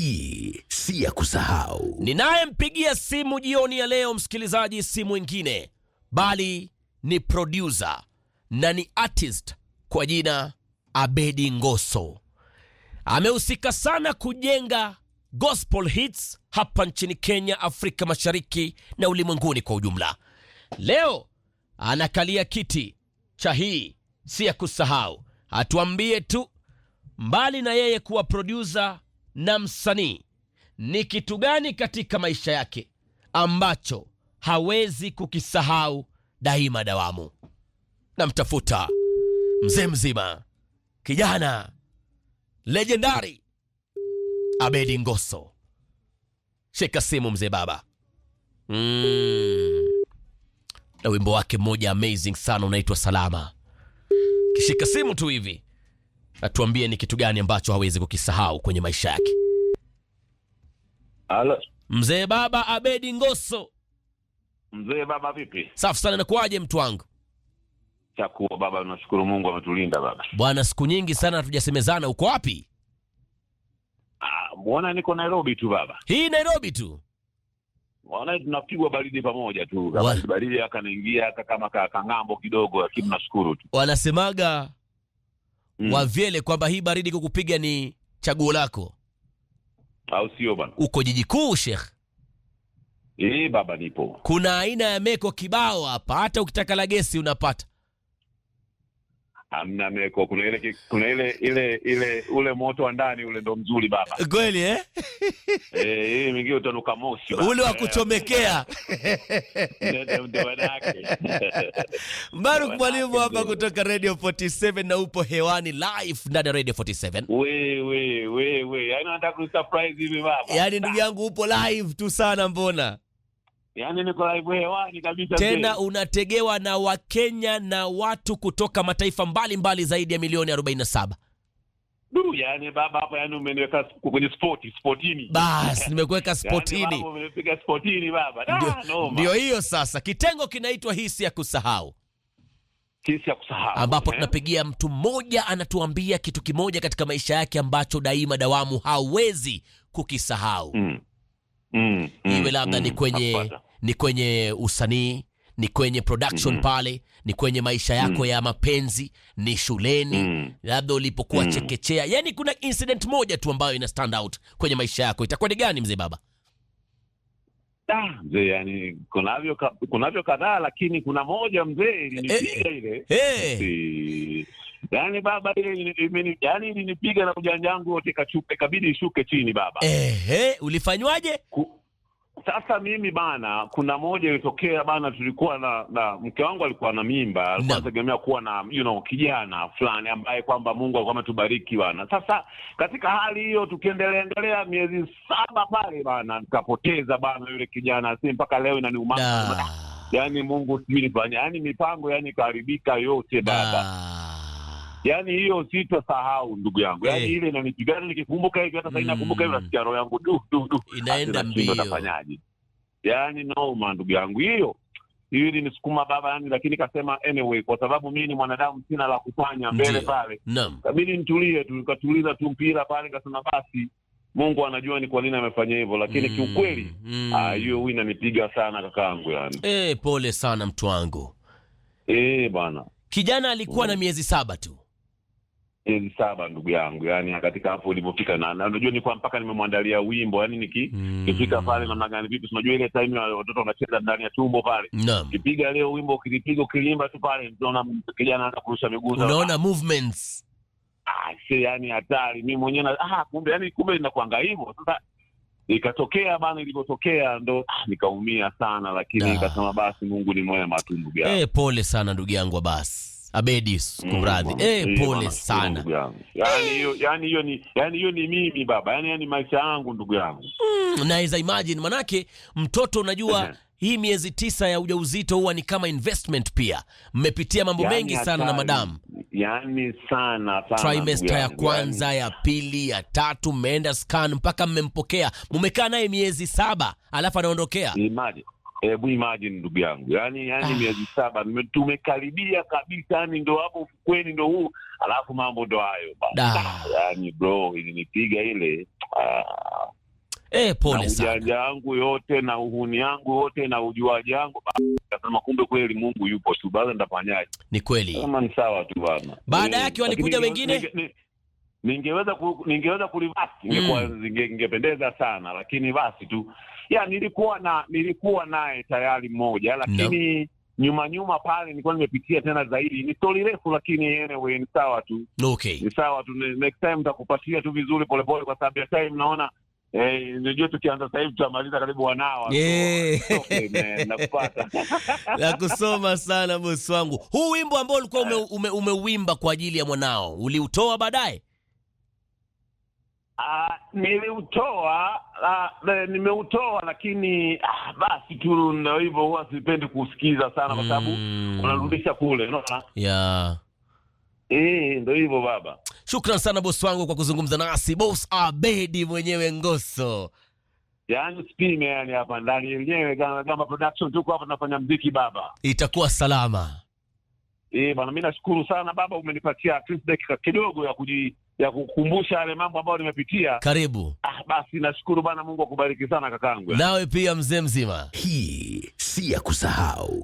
hii si ya kusahau. Ninayempigia simu jioni ya leo, msikilizaji, si mwingine bali ni producer na ni artist kwa jina Abedi Ngoso. Amehusika sana kujenga gospel hits hapa nchini Kenya, Afrika Mashariki na ulimwenguni kwa ujumla. Leo anakalia kiti cha hii si ya kusahau, atuambie tu mbali na yeye kuwa producer na msanii ni kitu gani katika maisha yake ambacho hawezi kukisahau daima dawamu? Namtafuta mzee mzima, kijana lejendari Abedi Ngoso. Shika simu mzee baba mm. na wimbo wake mmoja amazing sana unaitwa Salama. Kishika simu tu hivi atuambie ni kitu gani ambacho hawezi kukisahau kwenye maisha yake. Halo. Mzee Baba Abedi Ngoso. Mzee Baba vipi? Safi sana, nakuwaje mtu wangu? Chakuwa baba, nashukuru Mungu ametulinda baba. Bwana, siku nyingi sana hatujasemezana, uko wapi? Ah, mbona niko Nairobi tu baba. Hii Nairobi tu. Bwana tunapigwa baridi pamoja tu. Baridi akanaingia hata kama ngambo kidogo, lakini mm. nashukuru tu. Wanasemaga mm. wa vyele kwamba hii baridi kukupiga ni chaguo lako, au sio bwana? Uko jiji kuu shekh Eh, baba nipo. Kuna aina ya meko kibao hapa, hata ukitaka la gesi unapata. Amna meko, kuna ile kuna ile ile ile ule moto wa ndani ule ndo mzuri baba. Kweli eh? Eh, hii mingi utanuka moshi baba. Ule wa kuchomekea. Ndio Mbaruk mwalimu hapa kutoka Radio 47 na upo hewani live ndani ya Radio 47. We we we we, yani nataka ku surprise hivi baba. yani ndugu yangu upo live tu sana mbona? yani niko live hewani kabisa. Tena unategewa na Wakenya na watu kutoka mataifa mbalimbali mbali zaidi ya milioni 47. Du, yani baba hapa, yani umeniweka kwenye spoti spotini. Bas, nimekuweka spotini. Yani baba umepiga spotini baba. Ndio, ndio hiyo sasa. Kitengo kinaitwa hisi ya kusahau. Hisi ya kusahau. Ambapo eh? tunapigia mtu mmoja anatuambia kitu kimoja katika maisha yake ambacho daima dawamu hawezi kukisahau. Mm mm, mm, iwe mm, labda mm, ni kwenye apata. ni kwenye usanii ni kwenye production mm. pale ni kwenye maisha yako mm. ya mapenzi ni shuleni mm. labda ulipokuwa mm. chekechea. Yani, kuna incident moja tu ambayo ina stand out kwenye maisha yako, itakuwa ni gani mzee baba? Mzee yani, kunavyo kunavyo kadhaa, lakini kuna moja mzee ilinipiga eh, eh, ile eh yani baba ile yani ilinipiga na ujanja wangu wote kachupe, ikabidi ishuke chini baba. Ehe, ulifanywaje? sasa mimi bana, kuna moja ilitokea bana, tulikuwa na, na mke wangu alikuwa na mimba, alikuwa anategemea kuwa na you know, kijana fulani ambaye kwamba Mungu alikuwa ametubariki bana. Sasa katika hali hiyo tukiendelea endelea miezi saba pale bana, nikapoteza bana yule kijana, si mpaka leo inaniuma. Yani Mungu sijui nifanye, yani mipango yani ikaharibika yote baba. Yaani hiyo sahau ndugu yangu, yaani hey. Eh. Ile inanipigana nikikumbuka hivi hata sainakumbuka nakumbuka mm. nasikia roho yangu du du du inaenda Yaani noma ndugu yangu, hiyo hiyo ilinisukuma baba, yani lakini kasema anyway, kwa sababu mimi ni mwanadamu, sina la kufanya mbele pale, kabidi nitulie tu, nikatuliza tu mpira pale, nikasema basi Mungu anajua ni kwa nini amefanya hivyo, lakini mm, kiukweli mm. Ah, hiyo mm. inanipiga sana kakangu, yani eh, pole sana mtu wangu eh bana. Kijana alikuwa mm. na miezi saba tu miezi saba ndugu yangu, yani katika hapo ulivyofika, na unajua ni kwa mpaka nimemwandalia wimbo yani niki mm. kifika pale namna gani vipi, unajua ile time ya watoto wanacheza ndani ya tumbo pale no. kipiga leo wimbo kilipiga kilimba tu pale, unaona kijana anaanza kurusha miguu, unaona movements ah, si yani hatari. Mimi mwenyewe na ah, kumbe yani kumbe inakuanga hivyo sasa ikatokea bana, ilivyotokea ndo ah, nikaumia sana, lakini ah. nikasema basi Mungu ni mwema tu ndugu yangu. Eh, pole sana ndugu yangu basi Abedis, mm, kumradhi. Mm, eh, pole sana. yani eh. hiyo yani hiyo ni yani hiyo ni mimi baba. yani yani maisha yangu ndugu yangu. Mm, naweza imagine manake mtoto unajua hii miezi tisa ya ujauzito huwa ni kama investment pia. Mmepitia mambo yani mengi sana na madamu. yani sana sana. Trimester ya kwanza, yani ya pili, ya tatu mmeenda scan mpaka mmempokea. Mmekaa naye miezi saba, alafu anaondokea. Imagine. Hebu imagine ndugu yangu, yani yaani ah. miezi saba tumekaribia kabisa, yani ndo hapo ufukweni ndo huu, alafu mambo ndo hayo ah, yani bro, ilinipiga ile ah. E, pole Ujanja wangu yote na uhuni yangu yote na ujuaji wangu, nasema kumbe kweli Mungu yupo tu, baa nitafanyaje? Ni kweli kama ni sawa tu bana. Baada yake walikuja wengine ningeweza ku, ningeweza kulivasi ningekuwa mm. ningependeza sana lakini basi tu ya nilikuwa na nilikuwa naye tayari mmoja lakini no. Nyuma nyuma pale nilikuwa nimepitia tena zaidi, ni stori refu, lakini anyway ni sawa tu okay. Ni sawa tu, next time nitakupatia tu vizuri polepole, kwa sababu ya time naona Eh, tukianza sasa hivi tutamaliza karibu wanao Yeah. nakupata. La kusoma sana bosi wangu. Huu wimbo ambao ulikuwa umeuimba ume, ah. ume kwa ajili ya mwanao, uliutoa baadaye? Uh, niliutoa uh, nimeutoa lakini uh, basi tu ndio hivyo, huwa sipendi kusikiza sana kwa sababu mm. unarudisha kule, unaona yeah. Eh, ndio hivyo baba. Shukran sana bosi wangu kwa kuzungumza nasi, boss Abedi mwenyewe Ngoso. Yaani sipime yani hapa ndani yenyewe kama kama production tuko hapa tunafanya mziki baba. Itakuwa salama. Eh, bwana mimi nashukuru sana baba umenipatia at least dakika kidogo ya kuji ya kukumbusha yale mambo ambayo nimepitia. Karibu. Ah, basi nashukuru bana, Mungu akubariki sana kakangu. Nawe pia mzee mzima, hii si ya kusahau.